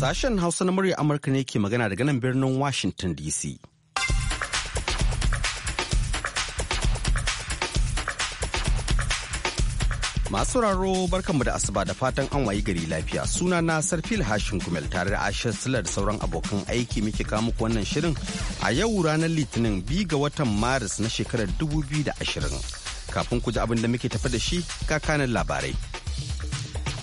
Sashen Hausa na murya Amurka ne ke magana daga nan birnin Washington DC. Masu raro barkanmu da asuba da fatan an wayi gari lafiya suna na sarfil hashin gumel tare da ashir silar da sauran abokan aiki muke kawo muku wannan shirin a yau ranar litinin bi ga watan maris na shekarar 2020 kafin ku ji abin da muke tafi da shi kakanin labarai.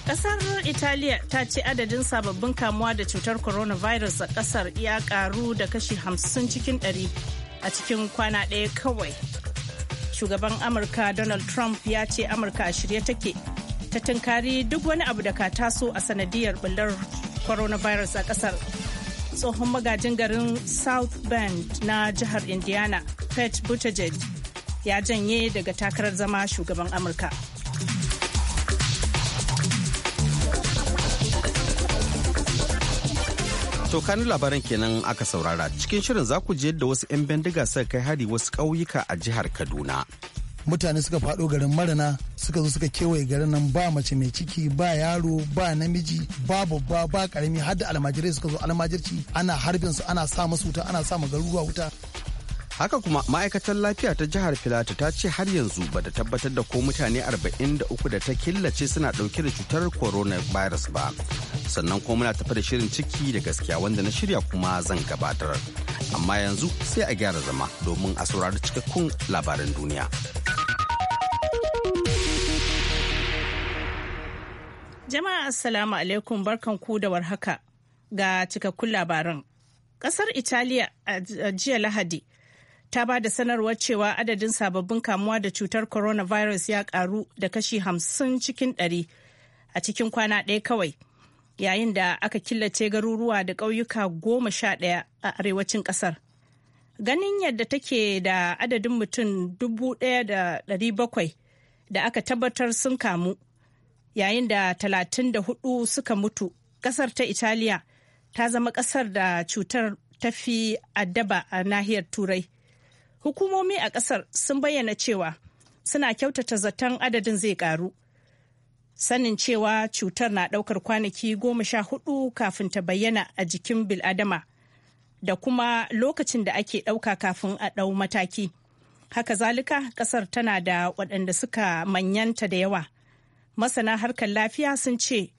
Kasar Italiya ta ce adadin sababbin kamuwa da cutar coronavirus a kasar ya karu da kashi hamsin cikin 100 a cikin kwana ɗaya kawai. Shugaban Amurka Donald Trump ya ce Amurka a shirye take ta tunkari duk wani abu da ka taso a sanadiyar bullar coronavirus a kasar. Tsohon magajin garin South Bend na jihar Indiana, Pete Buttigieg ya janye daga takarar zama shugaban Amurka. To kani labaran kenan aka saurara cikin shirin za ku je yadda wasu 'yan bindiga suka kai hari wasu ƙauyuka a jihar Kaduna. Mutane suka faɗo garin Marana suka zo suka kewaye garin nan ba mace mai ciki ba yaro ba namiji ba babba ba karami har da almajirai suka zo almajirci ana harbin su ana sa masu wuta ana sa garuruwa wuta. haka kuma ma'aikatar lafiya ta jihar filata ta ce har yanzu ba da tabbatar da ko mutane 43 da ta killace suna dauke da cutar coronavirus ba sannan kuma muna tafi da shirin ciki da gaskiya wanda na shirya kuma zan gabatar amma yanzu sai a gyara zama domin a saurari cikakkun labaran duniya jama'a assalamu alaikum barkan ku da warhaka ga cikakkun labaran ƙasar italiya a jiya lahadi ta ba da sanarwar cewa adadin sababbin kamuwa da cutar coronavirus ya karu da kashi hamsin cikin ɗari a cikin kwana ɗaya kawai yayin da aka killace garuruwa da ƙauyuka goma sha ɗaya a arewacin ƙasar ganin yadda take da adadin mutum dubu ɗaya da ɗari bakwai da aka tabbatar sun kamu yayin da talatin da hudu suka mutu ƙasar ta italiya ta zama ƙasar da cutar ta fi addaba a nahiyar turai hukumomi a ƙasar sun bayyana cewa suna kyautata zaton adadin zai ƙaru sanin cewa cutar na ɗaukar kwanaki goma sha hudu kafin ta bayyana a jikin biladama da kuma lokacin da ake ɗauka kafin a ɗau mataki haka zalika ƙasar tana da waɗanda suka manyanta da yawa masana harkar lafiya sun ce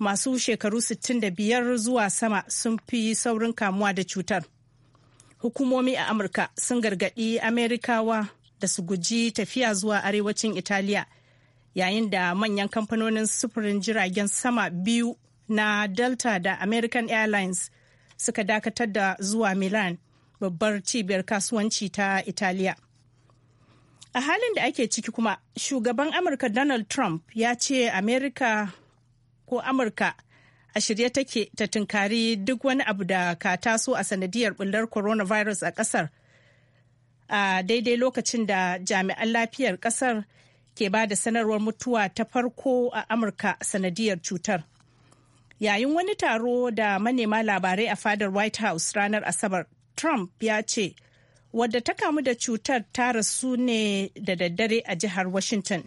masu shekaru 65 zuwa sama sun fi saurin kamuwa da cutar. hukumomi a amurka sun gargadi amerikawa da su guji tafiya zuwa arewacin italiya yayin da manyan kamfanonin sufurin jiragen sama biyu na delta da american airlines suka dakatar da zuwa milan babbar cibiyar kasuwanci ta italiya a halin da ake ciki kuma shugaban amurka donald trump ya ce amerika ko amurka a shirye take ta tunkari duk wani abu da ka taso a sanadiyar bullar coronavirus a kasar a daidai lokacin da jami'an lafiyar kasar ke ba da sanarwar mutuwa ta farko a amurka sanadiyar cutar yayin wani taro da manema labarai a fadar white house ranar asabar trump ya ce wadda ta kamu da cutar ta rasu ne da daddare a jihar washington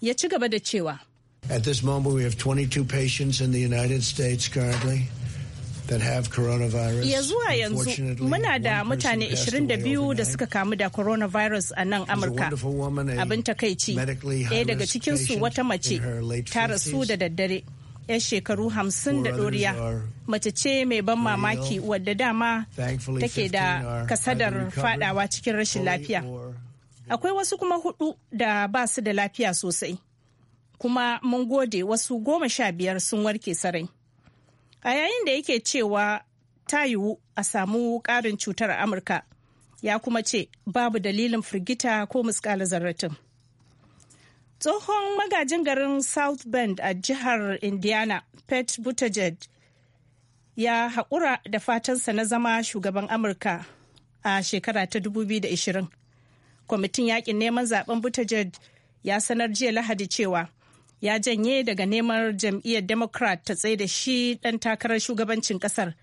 ya ci gaba da cewa At this moment, we have 22 patients in the United States currently. Ya zuwa yanzu muna da mutane 22 da suka kamu da coronavirus a nan Amurka. Abin takaici, ɗaya daga cikinsu wata mace ta rasu da daddare. 'yan shekaru hamsin da ɗoriya mace ce mai ban mamaki wadda dama take da kasadar fadawa cikin rashin lafiya. Akwai wasu kuma hudu da ba su da lafiya sosai. kuma mun gode wasu goma sha biyar sun warke sarai a yayin da yake cewa ta yiwu a samu ƙarin cutar amurka ya kuma ce babu dalilin firgita ko muskala zarratin tsohon magajin garin south bend a jihar indiana Pat buttigieg ya haƙura da fatansa na zama shugaban amurka a shekara ta 2020 kwamitin Yaƙin neman zaben buttigieg ya sanar jiya lahadi cewa ya janye daga neman jam'iyyar democrat ta tsaye da shi ɗan takarar shugabancin ƙasar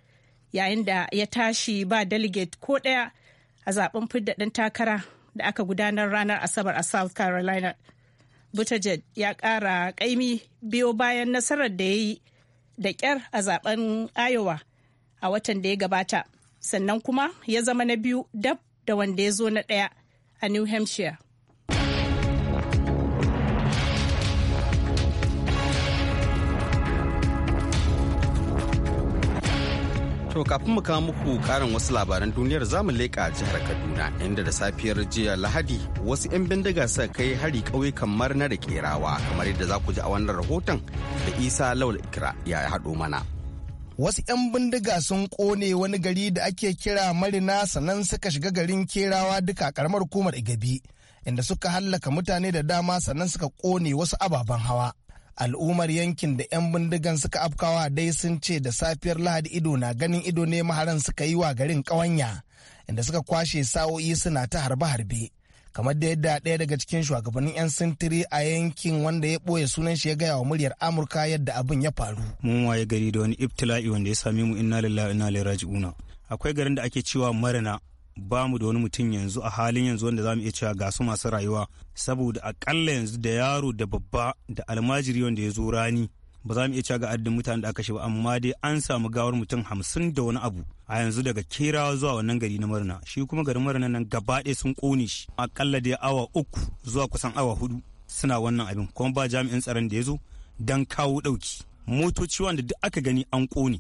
yayin da ya tashi ba delegate ko ɗaya a zaben fidda dan takara da aka gudanar ranar asabar a south carolina buttigieg ya ƙara ƙaimi biyo bayan nasarar da ya yi da ƙyar a zaben iowa a watan da ya gabata sannan kuma ya zama na biyu dab da wanda ya zo na ɗaya a new hampshire To kafin mu kawo muku karin wasu labaran duniyar zamu leƙa jihar Kaduna inda da safiyar jiya Lahadi wasu 'yan bindiga suka kai hari kawai kamar na da kerawa kamar yadda za ku ji a wannan rahoton da Isa Laul Ikra ya haɗo mana. wasu 'yan bindiga sun ƙone wani gari da ake kira marina sannan suka shiga garin kerawa duka karamar hukumar igabi inda suka hallaka mutane da dama sannan suka ƙone wasu ababen hawa al'ummar yankin da 'yan bindigan suka afkawa dai sun ce da safiyar lahadi ido na ganin ido ne maharan suka yi wa garin ƙawanya inda suka kwashe sa'o'i suna ta harbe-harbe kamar da yadda ɗaya daga cikin shugabannin 'yan sintiri a yankin wanda ya boye sunan shi ya gaya wa muryar amurka yadda abin ya faru mun waye gari da wani ibtila'i wanda ya same mu inna lillahi inna ilaihi raji'una akwai garin da ake cewa marina ba mu da wani mutum yanzu a halin yanzu wanda za mu iya cewa ga su masu rayuwa saboda akalla yanzu da yaro da babba da almajiri wanda ya zo rani ba za mu iya cewa ga adadin mutanen da aka shi ba amma dai an samu gawar mutum hamsin da wani abu a yanzu daga kerawa zuwa wannan gari na murna shi kuma garin murna nan gaba ɗaya sun ƙone shi akalla dai awa uku zuwa kusan awa hudu suna wannan abin kuma ba jami'in tsaron da ya zo don kawo ɗauki motoci wanda duk aka gani an ƙone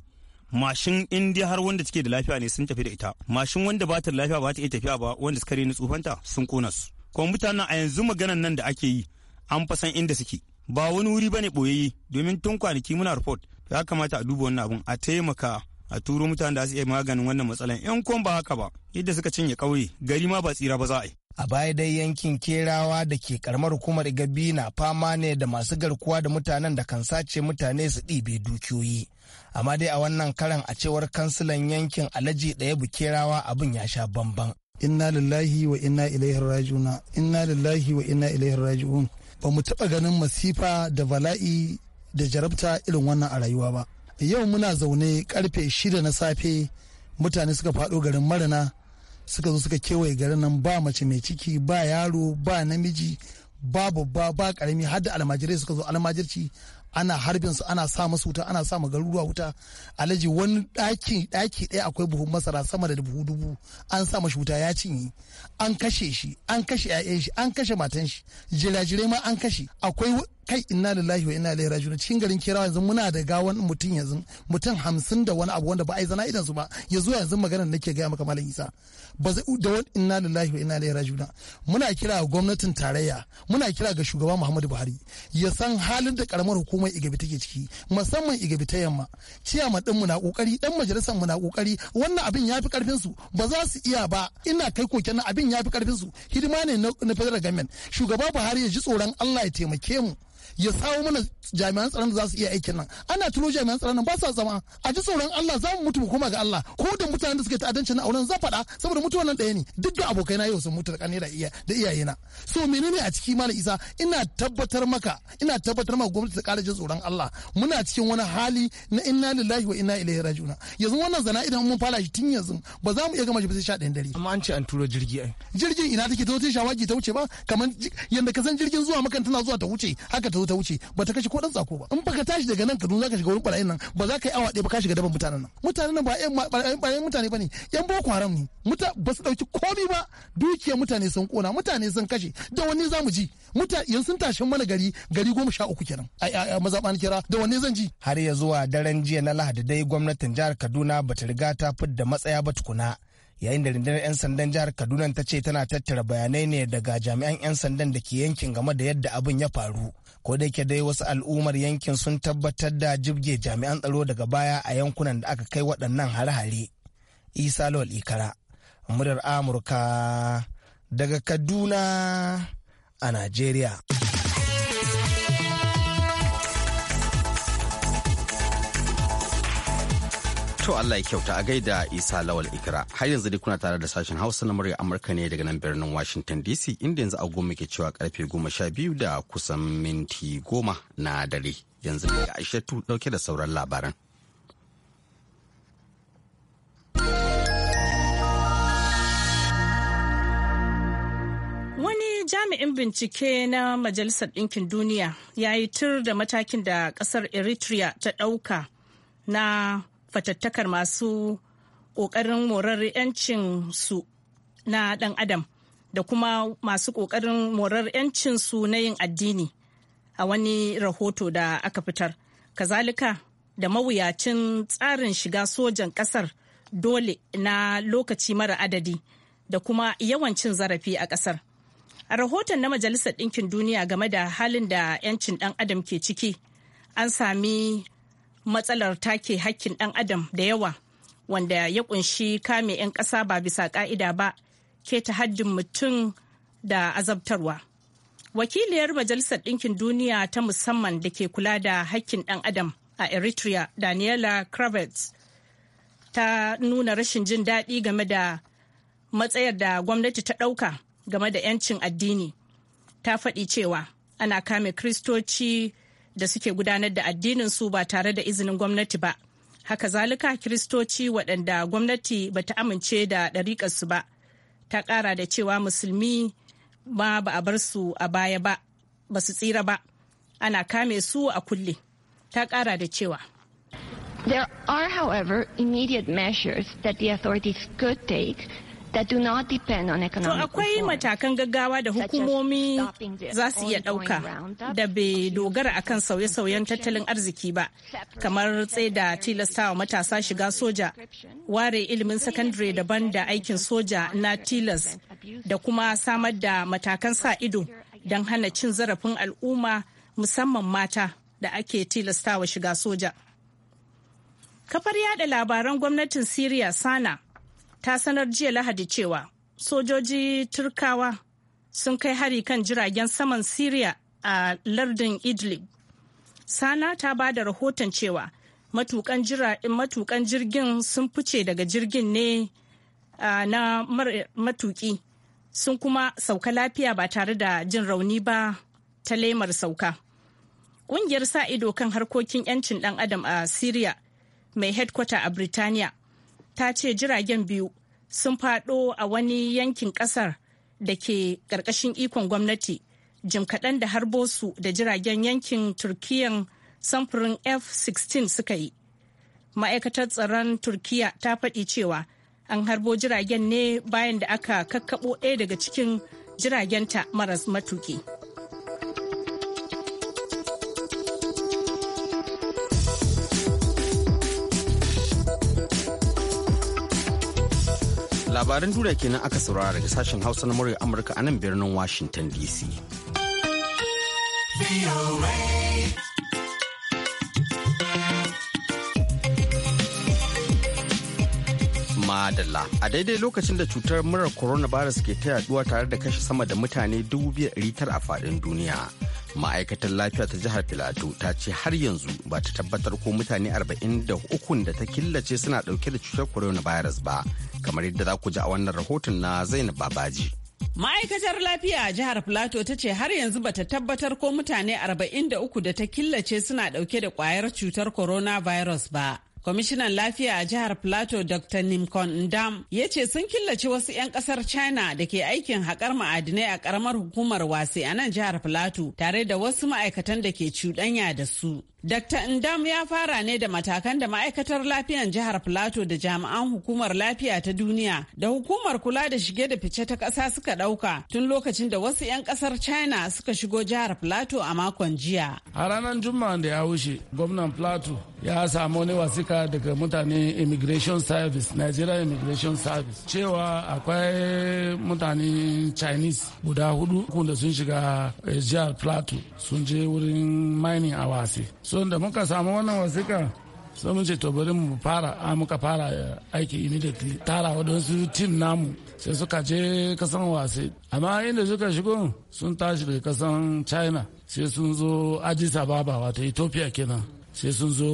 mashin in har wanda take da lafiya ne sun tafi da ita mashin wanda ba ta da lafiya ba ta iya tafiya ba wanda suka rini tsufanta sun kona su kuma mutanen a yanzu maganan nan da ake yi an fasan inda suke ba wani wuri bane boyayye domin tun kwanaki muna report ya kamata a duba wannan abun a taimaka a turo mutane da su iya maganin wannan matsalan yan kun ba haka ba yadda suka cinye ƙauye gari ma ba tsira ba za a yi a baya dai yankin kerawa da ke karamar hukumar gabi na fama ne da masu garkuwa da mutanen da kan sace mutane su ɗibe dukiyoyi amma dai a wannan karan a cewar kansilan yankin alhaji ɗaya bukerawa abin ya sha bamban inna lillahi wa inna ilaihi raji'una inna lillahi wa inna ilaihi raji'un ba mu taɓa ganin masifa da bala'i da jarabta irin wannan a rayuwa ba yau muna zaune karfe shida na safe mutane suka faɗo garin marana suka zo suka kewaye garin nan ba mace mai ciki ba yaro ba namiji ba babba ba karami har da almajirai suka zo almajirci ana harbin su ana sa masu wuta ana sa garuruwa wuta alaji wani daki daki ɗaya akwai buhun masara sama da buhu dubu an sa mashi wuta ya cinye an kashe shi an kashe 'ya'yan shi an kashe matan shi jirajirai ma an kashe akwai kai inna lillahi wa inna ilaihi rajiun cikin garin kira yanzu muna da gawan mutum yanzu mutum hamsin da wani abu wanda ba a yi zana idan su ba yanzu yanzu maganar nake gaya maka malam isa ba zai da wani inna lillahi wa inna ilaihi rajiun muna kira ga gwamnatin tarayya muna kira ga shugaba muhammadu buhari ya san halin da karamar hukuma. musamman igabi take ciki musamman igabi ta yamma ciyama din mu na kokari dan majalisar mu na kokari wannan abin ya fi karfin su ba za su iya ba ina kai koken abin ya fi karfin su hidima ne na federal government shugaba Buhari ya ji tsoron Allah ya taimake mu ya sawo mana jami'an tsaron da za su iya aikin nan ana tuno jami'an tsaron nan ba sa zama a ji tsoron Allah za mu mutu mu koma ga Allah ko da mutanen da suke ta'addanci na auren za faɗa saboda mutuwar nan ɗaya ne duk da abokai na yau sun mutu da kane da iyayena so menene a ciki mallam Isa ina tabbatar maka ina tabbatar maka gwamnati ta ƙara jin tsoron Allah muna cikin wani hali na inna lillahi wa inna ilaihi raji'un yanzu wannan zana idan mun fara shi tun yanzu ba za mu iya gama shi ba sai sha ɗayan dare amma an ce an turo jirgi ai jirgin ina take ta wuce shawagi ta wuce ba kamar yanda ka san jirgin zuwa makan tana zuwa ta wuce haka ta ta wuce ba ta kashe ko dan sako ba in baka tashi daga nan Kaduna zaka shiga wurin barayin nan ba za ka yi awa ɗaya ba ka shiga daban mutanen nan mutanen nan ba ƴan barayin mutane bane yan boko haram ne muta ba su dauki komi ba dukiyar mutane sun kona mutane sun kashe da wani zamu ji muta yan sun tashi mana gari gari goma sha uku kenan a mazaɓan kira da wani zan ji har ya zuwa daren jiya na lahadi dai gwamnatin jihar Kaduna bata riga ta fidda matsaya ba tukuna yayin da rundunar 'yan sandan jihar kaduna ta ce tana tattara bayanai ne daga jami'an 'yan sandan da ke yankin game da yadda abin ya faru ko da yake dai wasu al'ummar yankin sun tabbatar da jibge jami'an tsaro daga baya a yankunan da aka kai waɗannan hare-hare isa lawal ikara muryar amurka daga kaduna a najeriya To Allah ya kyauta a gaida Isa Lawal Ikra. Har yanzu dai kuna tare da sashen Hausa na murya Amurka ne daga nan birnin Washington DC inda yanzu agogo ke cewa karfe goma sha biyu da kusan minti goma na dare. Yanzu da Aishatu dauke da sauran labaran. Wani jami'in bincike na Majalisar Ɗinkin Duniya ya yi tur da matakin da ƙasar Eritrea ta ɗauka na fatattakar masu ƙoƙarin morar 'yancin su na ɗan adam da kuma masu ƙoƙarin morar 'yancin su na yin addini a wani rahoto da aka fitar kazalika da mawuyacin tsarin shiga sojan ƙasar dole na lokaci mara adadi da kuma yawan cin zarafi a ƙasar a rahoton na majalisar ɗinkin duniya game da halin da 'yancin ɗan adam ke ciki an sami matsalar take hakkin ɗan adam da yawa wanda ya kunshi kame 'yan ƙasa ba bisa ƙa'ida ba ke ta haddin mutum da azabtarwa. Wakiliyar Majalisar Ɗinkin Duniya ta musamman da ke kula da hakkin ɗan adam a Eritrea, Daniela Kravitz, ta nuna rashin jin daɗi game da matsayar da gwamnati ta ɗauka game da 'yancin addini. Ta faɗi cewa ana kame Kristoci da suke gudanar da addinin su ba tare da izinin gwamnati ba haka zalika kiristoci waɗanda gwamnati ba ta amince da ɗariƙarsu ba ta ƙara da cewa musulmi ma ba a bar su a baya ba ba su tsira ba ana kame su a kulle ta ƙara da cewa There are, however, immediate measures that the authorities could take that do not depend on economic To akwai matakan gaggawa da hukumomi za su iya ɗauka da bai dogara akan sauye-sauyen tattalin arziki ba, kamar tsaida tilastawa matasa shiga soja, ware ilimin sakandare daban da aikin soja na tilas da kuma samar da matakan sa ido don hana cin zarafin al'umma musamman mata da ake tilastawa shiga soja. Kafar yada labaran gwamnatin Siriya Sana ta sanar jiya lahadi cewa sojoji turkawa sun kai hari kan jiragen saman siriya a lardin idlib sana ta ba da rahoton cewa matukan jirgin sun fice daga jirgin ne na matuki sun kuma sauka lafiya ba tare da jin rauni ba ta lemar sauka ƙungiyar sa ido kan harkokin 'yancin ɗan adam a siriya mai headquarter a Birtaniya ta ce jiragen biyu sun fado a wani yankin kasar da ke ƙarƙashin ikon gwamnati jim kaɗan da harbo su da jiragen yankin turkiyan samfurin f-16 suka yi ma'aikatar tsaron turkiya ta faɗi cewa an harbo jiragen ne bayan da aka kakkaɓo ɗaya daga cikin jiragenta maras matuki. labaran duniya kenan aka saurara daga sashen hausa na murya amurka a nan birnin washington dc madalla a daidai lokacin da cutar murar coronavirus ke ta yaduwa tare da kashe sama da mutane 2,900 a faɗin duniya ma'aikatar lafiya ta jihar filato ta ce har yanzu ba ta tabbatar ko mutane 43 da ta killace suna dauke da cutar coronavirus ba kamar yadda za ku ji a wannan rahoton na zainab babaji ma'aikatar lafiya a jihar filato ta ce har yanzu ba ta tabbatar ko mutane 43 da ta killace suna dauke da kwayar cutar coronavirus ba Kwamishinan lafiya a jihar Plateau Dr. Nimkon Ndam ya ce sun killace wasu 'yan kasar China da ke aikin haƙar ma'adinai a ƙaramar hukumar wasi a nan jihar Plateau tare da wasu ma'aikatan da ke cuɗanya da su. Dr. Ndam ya fara ne da matakan da ma'aikatar lafiyan jihar Filato da jami'an hukumar lafiya ta duniya da hukumar kula da shige da fice ta ƙasa suka ɗauka tun lokacin da wasu 'yan ƙasar China suka shigo jihar Filato a makon jiya. A ranar Juma'a da ya wuce, gwamnan Filato ya samu wani wasika daga mutane Immigration Service, Nigeria Immigration Service, cewa akwai mutane Chinese guda hudu da sun shiga eh, jihar Filato sun je wurin mining a wasi. so da muka samu wannan wasika sai mun ce to bari mu fara a muka fara aiki immediately tara wadansu team namu sai suka je kasan wasi amma inda suka shigo sun tashi daga kasan china sai sun zo addis ababa wato ethiopia kenan sai sun zo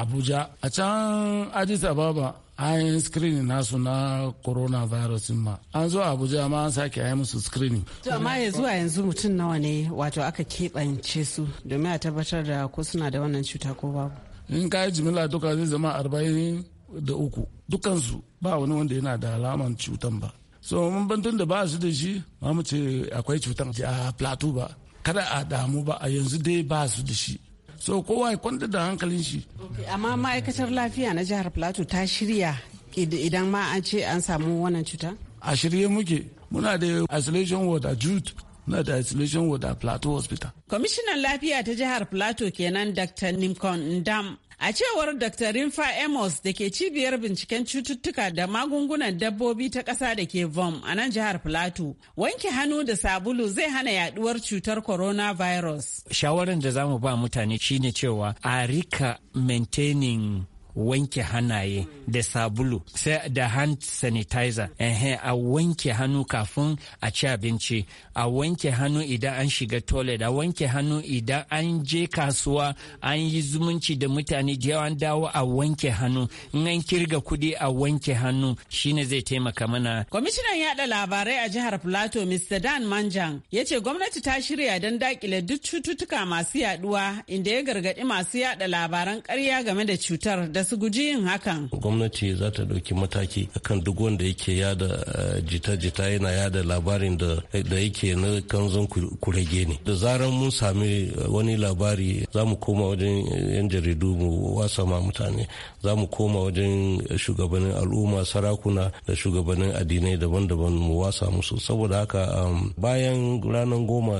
abuja a can addis ababa an yi screening nasu na coronavirus ma an zo abuja ma an sake yi musu screening to amma yanzu a yanzu mutum nawa ne wato aka keɓance su domin a tabbatar da ko suna da wannan cuta ko babu in ka yi jimila duka zai zama arba'in da uku dukansu ba wani wanda yana da alaman cutan ba so mun bantun da ba su da shi ma mu ce akwai cutan a plateau ba kada a damu ba a yanzu dai ba su da shi so kowa ya kwantar da hankalin shi amma ma'aikatar lafiya na jihar plateau ta shirya idan ma an ce an samu wannan cuta a shirye muke muna da isolation ward a jude na da isolation ward a plateau hospital kwamishinan lafiya ta jihar plateau kenan dr nimcon ndam A cewar Dr. Rinfa Amos da ke cibiyar binciken cututtuka da magungunan dabbobi ta ƙasa da ke VOM a nan jihar Filato, wanke hannu da sabulu zai hana yaduwar cutar coronavirus. Shawarar da za mu ba mutane shine cewa a rika maintaining wanke hannaye da sabulu sai da hand sanitizer ehe a wanke hannu kafin a ci abinci a wanke hannu idan an shiga toilet a wanke hannu idan an je kasuwa an yi zumunci da mutane da yawan dawo a wanke hannu in an kirga kudi a wanke hannu shine zai taimaka mana kwamishinan yada labarai a jihar plateau mr dan manjan ya ce gwamnati ta shirya don dakile duk cututtuka masu yaduwa inda ya gargadi masu yada labaran karya game da cutar da su guji yin hakan. Gwamnati za ta ɗauki mataki akan duk wanda yake yada eh, jita-jita yana yada labarin da yake na kanzon kurege ne. Da zaran mun sami eh, wani labari za mu koma wajen eh, 'yan jaridu mu wasa ma mutane za mu koma wajen shugabannin al'umma sarakuna da shugabannin addinai daban-daban mu wasa musu saboda haka um, bayan ranar goma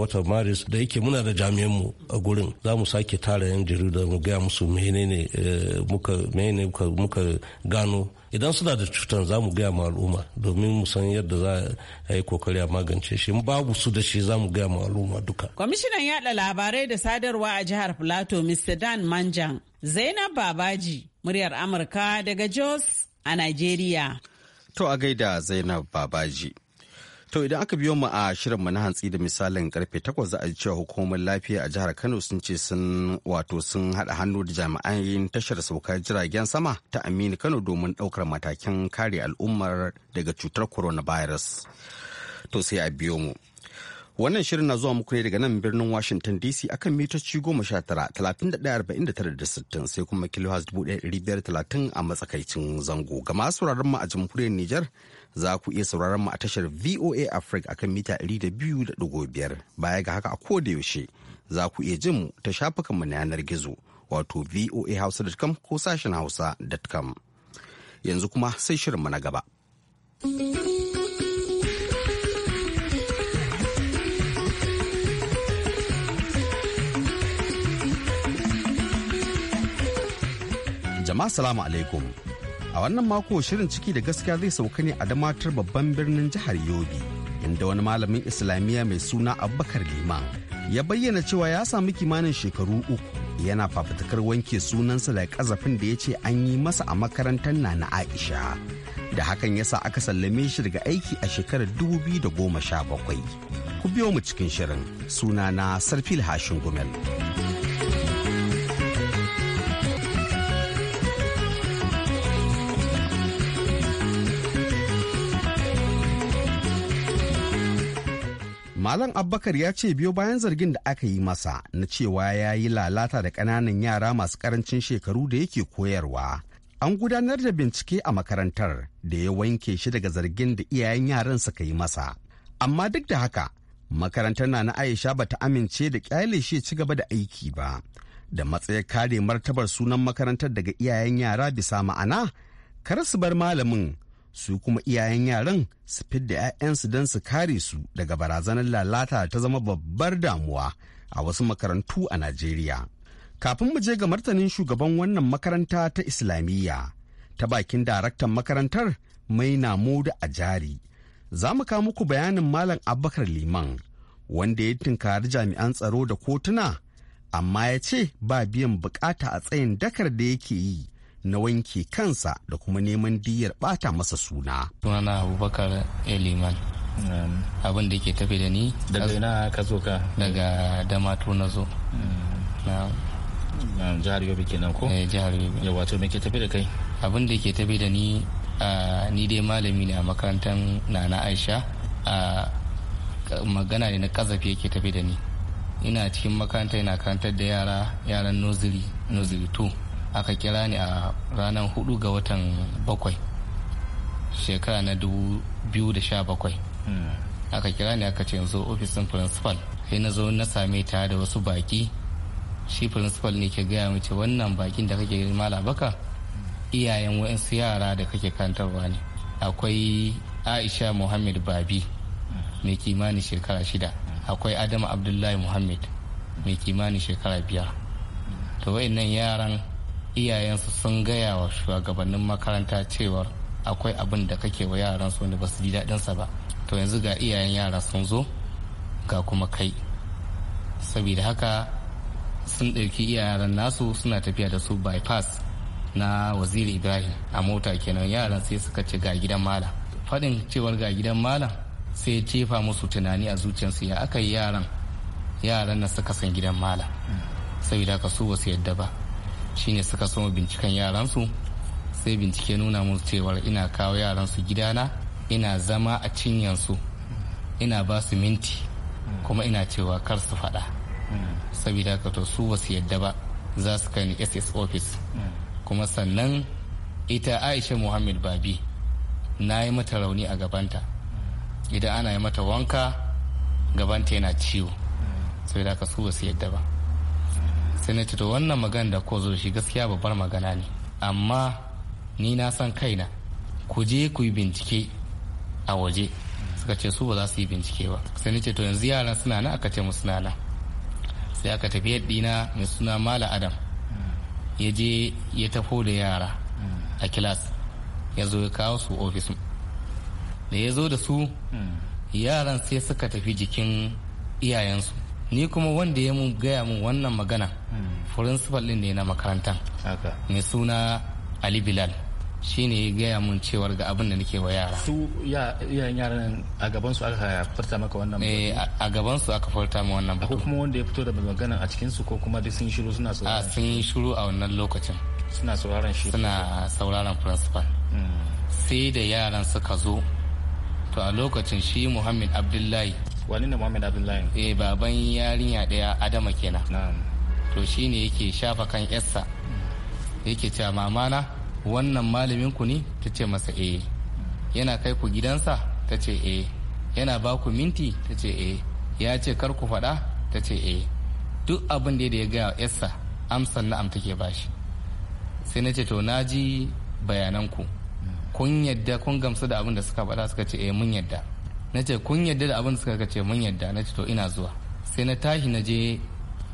wata maris da yake muna da jami'an mu a gurin za mu sake tara 'yan jaridu mu gaya musu menene muka mene muka gano idan suna da cutar za mu gaya ma al'umma domin mu san yadda za a yi kokari a magance shi babu su da shi za mu gaya ma al'umma duka. kwamishinan yada labarai da sadarwa a jihar plateau mr dan manjan zainab babaji muryar amurka daga jos a nigeria to a gaida zainab babaji To idan aka biyo mu a mu na hantsi da misalin karfe 8 za a ji cewa hukumar lafiya a jihar Kano sun ce sun wato sun haɗa hannu da jami'an tashar saukar jiragen sama ta Aminu Kano domin ɗaukar matakin kare al'ummar daga cutar coronavirus. To sai a biyo mu. Wannan shirin na zuwa muku ne daga nan birnin Washington DC akan mitoci goma sha tara talatin da ɗaya arba'in da tara da sittin sai kuma kilohas dubu a matsakaicin zango. Ga masu sauraron mu a jamhuriyar Nijar za ku iya sauraron mu a tashar VOA Africa akan mita ɗari da biyu Baya ga haka a ko yaushe za ku iya jin mu ta shafukanmu mu na yanar gizo wato voahausa.com ko sashen hausa.com. Yanzu kuma sai shirin mu na gaba. Jama'a salamu alaikum. A wannan mako shirin ciki da gaskiya zai sauka ne a damatar babban birnin jihar yobi inda wani malamin Islamiyya mai suna Abubakar Liman ya bayyana cewa ya samu kimanin shekaru uku yana fafutukar wanke sunansa da kazafin da ya ce an yi masa a makarantar na na Aisha. Da hakan ya sa aka sallame shi daga aiki a shekarar dubu biyu da goma 2017. Ku biyo mu cikin shirin suna na Sarfil Hashin Gumel. Malam Abubakar ya ce biyo bayan zargin da aka yi masa na cewa ya yi lalata da ƙananan yara masu ƙarancin shekaru da yake koyarwa. An gudanar da bincike a makarantar da ya wanke shi daga zargin da iyayen yaran suka yi masa. Amma duk da haka, makarantar na na Aisha ba ta amince da ƙyale shi ci gaba da aiki ba. Da matsayar kare martabar sunan makarantar daga iyayen yara bisa ma'ana, kar su bar malamin su kuma iyayen yaran su fidda 'ya'yansu don su kare su daga barazanar lalata ta zama babbar damuwa a wasu makarantu a Najeriya. Kafin mu je ga martanin shugaban wannan makaranta ta Islamiyya ta bakin daraktan makarantar mai namo a jari. Za mu kawo muku bayanin Malam Abubakar Liman wanda ya tunkari jami'an tsaro da kotuna amma ya ce ba biyan bukata a tsayin dakar da yake yi na wanke kansa da kuma neman diyar bata masa suna. Sunana Abubakar Eliman. Abin da ke tafe da ni. Daga ina ka zo ka? Daga Damato na zo. Mm. Jihar Yobe nan ko? Eh jihar Yobe. Ya wato me ke tafe da kai? Abin da ke tafe da ni ni dai malami ne a makarantar Nana Aisha. magana ne na kazafi yake tafe da ni. Ina cikin makaranta ina karantar da yara yaran noziri noziri 2. aka kira ni a ranar hudu ga watan bakwai shekara na biyu da sha bakwai hmm. aka kira ni aka ce yanzu ofisin principal sai na zo na same ta da wasu baki shi principal ne ke gaya mace wannan bakin da kake mala baka iyayen wa'insu yara da kake kantarwa ne akwai aisha muhammad babi mai kimani shekara shida akwai adamu abdullahi muhammad mai kimani shekara biyar to wa'annan yaran iyayensu sun gaya wa shugabannin makaranta cewar akwai abin da kake wa yaran su wanda ba su ji daɗinsa ba to yanzu ga iyayen yara sun zo ga kuma kai saboda haka sun ɗauki yaran nasu suna tafiya da su bypass na waziri ibrahim a mota kenan yaran sai suka ce ga gidan malam faɗin cewar ga gidan malam sai jefa musu tunani a zuciyarsu ya aka yi yaran yaran na suka san gidan mala saboda haka su ba yadda ba shine suka soma binciken yaransu sai bincike nuna musu cewar ina kawo yaransu gidana ina zama a cinyansu ina ba su minti kuma ina cewa kar su faɗa saboda ka to su wasu yadda ba za su kai ni ss office kuma sannan ita aisha muhammad babi na yi mata rauni a gabanta idan ana yi mata wanka gabanta yana ciwo saboda ka su wasu yadda ba sai to wannan magana da ko zo shi gaskiya babbar magana ne amma ni na san kaina ku je ku yi bincike a waje suka ce su ba za su yi bincike ba sai ce to yanzu yaran suna nan aka ce mu suna nan sai aka tafi yadda mai suna mala adam ya je ya tafo da yara a kilas ya zo ya kawo su ofis da ya zo da su yaran sai suka tafi jikin iyayensu ni kuma wanda ya mun gaya mun wannan magana hmm. principal din ne na makarantar mai suna ali bilal shi ne ya gaya mun cewar ga abin da nake wa yara su iyayen yaran a gaban su aka furta maka wannan eh, ba. a gaban su aka furta ma wannan batu kuma wanda ya fito da magana a cikin su ko kuma dai sun shiru suna sauraron a sun yi shiru a wannan lokacin suna sauraron shi suna sauraron principal hmm. sai da yaran suka zo to a lokacin shi muhammad abdullahi wani ne muhammad abdullahi eh baban yarinya daya adama kenan to shine yake shafa kan yarsa yake cewa mamana wannan malamin ku ne ta ce masa eh yana kai ku gidansa ta ce eh yana ba ku minti ta ce eh ya ce kar ku faɗa ta ce eh duk abin da ya gaya yarsa amsan na'am take bashi sai na ce to na ji bayananku hmm. kun yadda kun gamsu da abin da suka faɗa suka ce eh mun yadda na ce kun yadda da abin da suka ce mun yadda na ce to ina zuwa sai na tashi na je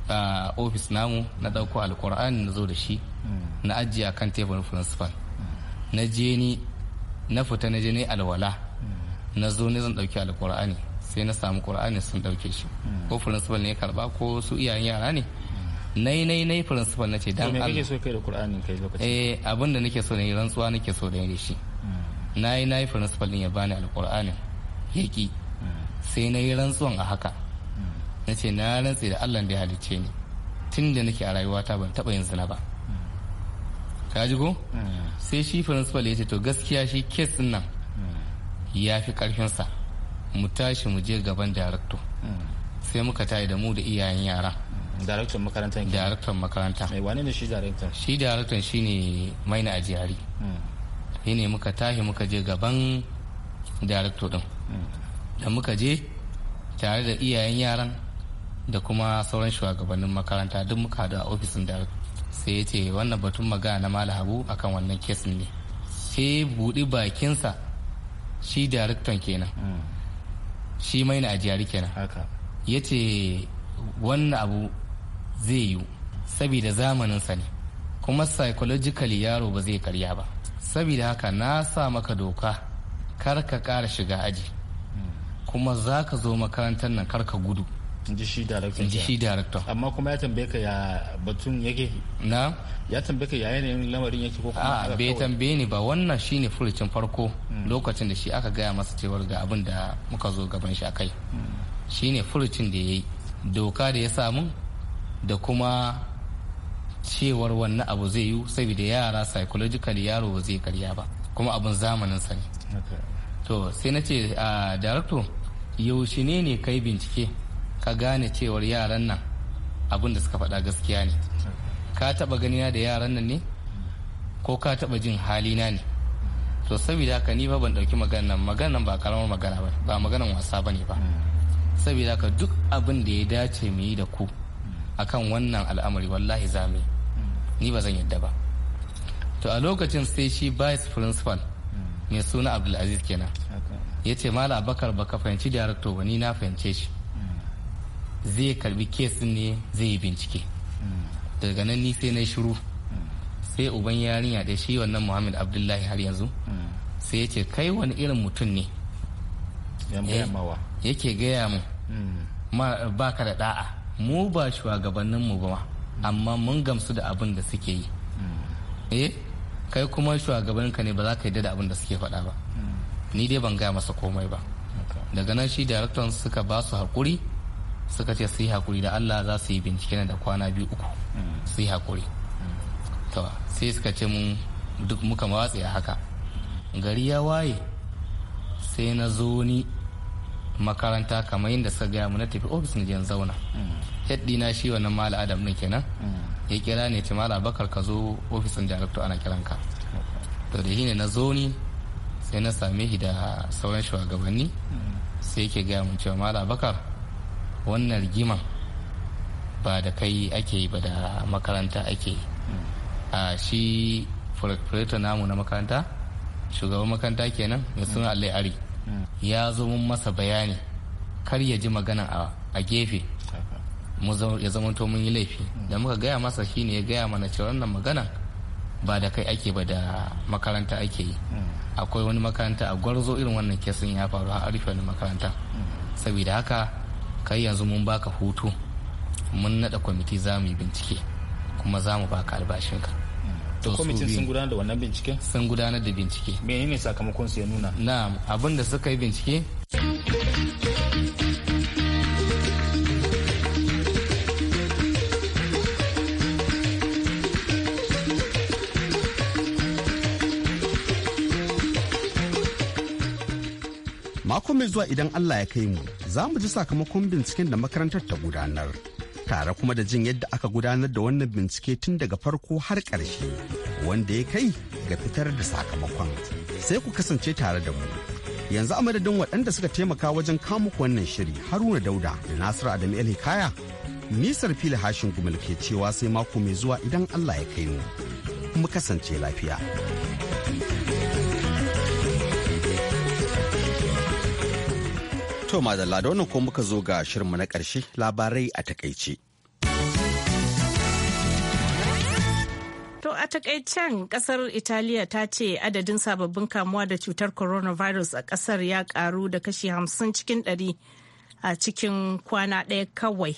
a ofis namu na ɗauko alkur'ani na zo da shi na ajiye a kan teburin principal na je ni na fita na je ni alwala na zo ne zan ɗauki alkur'ani sai na samu kur'ani sun ɗauke shi ko principal ne ya karba ko su iyayen yara ne nai nai nai principal na ce dan Allah me so kai da Qur'ani kai lokacin eh abinda da nake so ne rantsuwa nake so da shi nai nai principal ne ya bani alkur'ani yaki sai na yi rantsuwan a haka na ce na rantse da allah da ya halicce ni tun da nake a rayuwata ban taɓa yin zina ba ka ji ko sai shi principal ya ce to gaskiya shi kes din nan ya fi ƙarfinsa mu tashi mu je gaban director sai muka tayi da mu da iyayen yara daraktan makaranta director makaranta mai wane ne shi director. shi director shine maina ajiyari hmm. ne muka tahi muka je gaban darakto din da muka je tare da iyayen yaran da kuma sauran shugabannin makaranta duk muka haɗu a ofisin da sai ya ce wannan batun magana na a akan wannan kesin ne sai buɗi bakinsa shi daraktan kenan hmm. shi mai na ajiyar kenan ya ce wannan abu zai yiwu saboda zamaninsa ne kuma psychologically yaro ba zai karya ba saboda haka na sa maka doka kar ka ƙara shiga aji kuma za ka zo makarantar nan karka gudu inji shi director inji shi director amma kuma ya tambaye ka ya batun yake na ya tambaye ka ya yanayin lamarin yake ko kuma a bai tambaye ni ba wannan shine furucin farko hmm. lokacin da shi aka gaya masa cewar ga abin da muka zo gaban shi akai hmm. shine furucin da yayi doka da ya samu da kuma cewar wannan abu zai yi saboda yara psychological yaro ba zai karya ba kuma abin zamanin sani to sai na ce a ah, director yaushe ne ne kai bincike ka gane cewar yaran nan abin da suka faɗa gaskiya ne ka taɓa ganina da yaran nan ne ko ka taɓa jin halina ne to saboda haka ni fa ban ɗauki maganan maganan ba karamar magana ba ba maganan wasa ba ne ba saboda haka duk abin da ya dace mu yi da ku akan wannan al'amari wallahi za mu ni ba zan yadda ba to a lokacin sai shi vice principal mai suna abdulaziz kenan ya ce mala bakar baka fahimci darakto wani na fahimce shi zai karbi kesin ne zai yi bincike daga nan ni sai na shiru sai uban yarinya da shi wannan muhammad abdullahi har yanzu sai ya ce kai wani irin mutum ne yake gaya mu ba ka da da'a mu ba mu ba amma mun gamsu da abin da suke yi hmm. eh kai kuma shugabanka ne ba za ka yi da abin da suke faɗa ba ni dai ban gaya masa komai ba daga nan shi daraktan suka ba su hakuri. suka ce su yi hakuri da allah za su yi bincike da kwana biyu uku su yi hakuri. sai suka ce mu duk muka watse a haka gari ya waye sai na zo ni makaranta kamar yadda suka gaya mu na tafi ofis na jan zauna yaddi na shi wannan mala adam ne kenan ya kira ne ce mala bakar ka zo ofisin director ana kiranka to da shine na zo ni sai na same shi da sauran shugabanni sai yake gaya mun cewa mala bakar wannan rigima ba da kai ake yi ba da makaranta ake yi a shi furfurta namu na makaranta shugaban makaranta kenan da suna allai ari ya zo mun masa bayani kar ya ji magana a gefe ya zama mun yi laifi da muka gaya masa shine ya gaya mana cewa wannan magana ba da kai ake ba da makaranta ake yi hmm. akwai wani makaranta a gwarzo irin wannan kesin ya faru a rufe wani makaranta hmm. saboda haka kai yanzu mun baka hutu mun nada kwamiti za mu yi bincike kuma za mu baka albashinka hmm. to kwamitin sun gudanar da wannan bincike sun gudanar da bincike menene sakamakon su ya nuna na abin da suka yi bincike Mako mai zuwa idan Allah ya kai mu, za mu ji sakamakon binciken da makarantar ta gudanar. Tare kuma da jin yadda aka gudanar da wannan bincike tun daga farko har ƙarshe, wanda ya kai ga fitar da sakamakon. Sai ku kasance tare da mu. Yanzu a madadin waɗanda suka taimaka wajen kamu wannan shiri Haruna Dauda da Nasiru Adamu El Hikaya, nisar fili hashin gumal ke cewa sai mako mai zuwa idan Allah ya kai mu. Mu kasance lafiya. To madalla da wannan ko muka zo ga shirinmu na ƙarshe labarai a takaice. To a takaicen Ƙasar Italiya ta ce adadin sababbin kamuwa da cutar coronavirus a ƙasar ya ƙaru da kashi hamsin cikin ɗari a cikin kwana ɗaya kawai.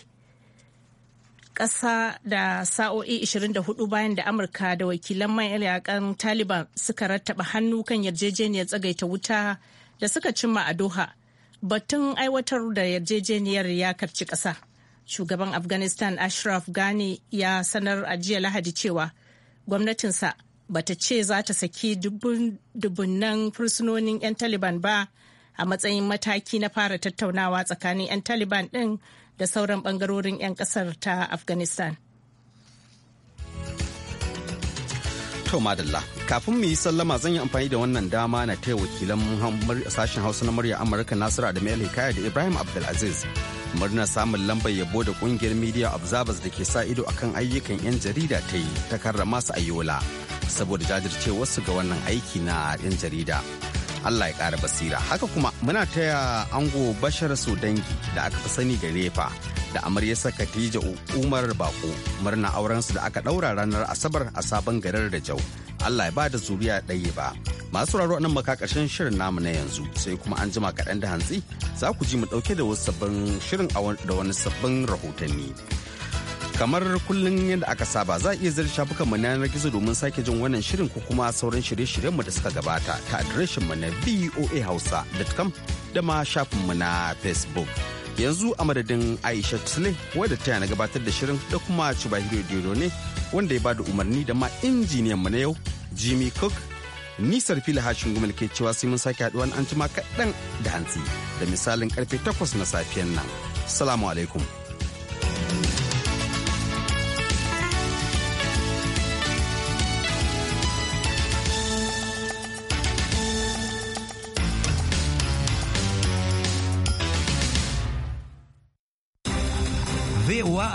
Ƙasa da sa'o'i 24 bayan da Amurka da wakilan man Taliban suka rattaba hannu kan yarjejeniyar tsagaita wuta da suka cimma a Doha batun aiwatar da yarjejeniyar ya karci ƙasa shugaban afghanistan ashraf ghani ya sanar a jiya lahadi cewa gwamnatinsa bata ce za ta saki dubunnan fursunonin 'yan taliban ba a matsayin mataki na fara tattaunawa tsakanin 'yan taliban ɗin da sauran ɓangarorin 'yan ƙasar ta afghanistan to madalla kafin mu yi sallama zan yi amfani da wannan dama na taya wakilan sashen hausa na murya amurka nasiru adamu hikaya da ibrahim abdulaziz murnar samun lambar yabo da kungiyar media observers da ke sa ido akan ayyukan 'yan jarida ta yi ta karrama su a yola saboda jajircewarsu ga wannan aiki na 'yan jarida Allah ya kara basira haka kuma muna taya ango bashar su dangi da aka fi sani da refa da saka Khadija Umar Bako murna aurensu da aka ɗaura ranar Asabar a sabon garin da jau. Allah ya ba da zuriya ɗaya ba. Masu raro nan maka ƙarshen shirin namu na yanzu sai kuma an jima kaɗan da hantsi za ku ji mu ɗauke da wasu sabbin shirin da wani sabbin rahotanni. Kamar kullum yadda aka saba za a iya zira shafukan mu na yanar gizo domin sake jin wannan shirin ko kuma sauran shirye-shiryen mu da suka gabata ta adireshin mu na voahausa.com da ma shafin mu na Facebook. yanzu a madadin aisha sule wadda ta na gabatar da shirin da kuma cibahiro diodo ne wanda ya bada umarni da ma injiniyan mu na yau jimmy cook nisar fili hashin gumal ke cewa sai mun sake haɗuwa an ma kaɗan da hantsi da misalin karfe 8 na safiyan nan salamu alaikum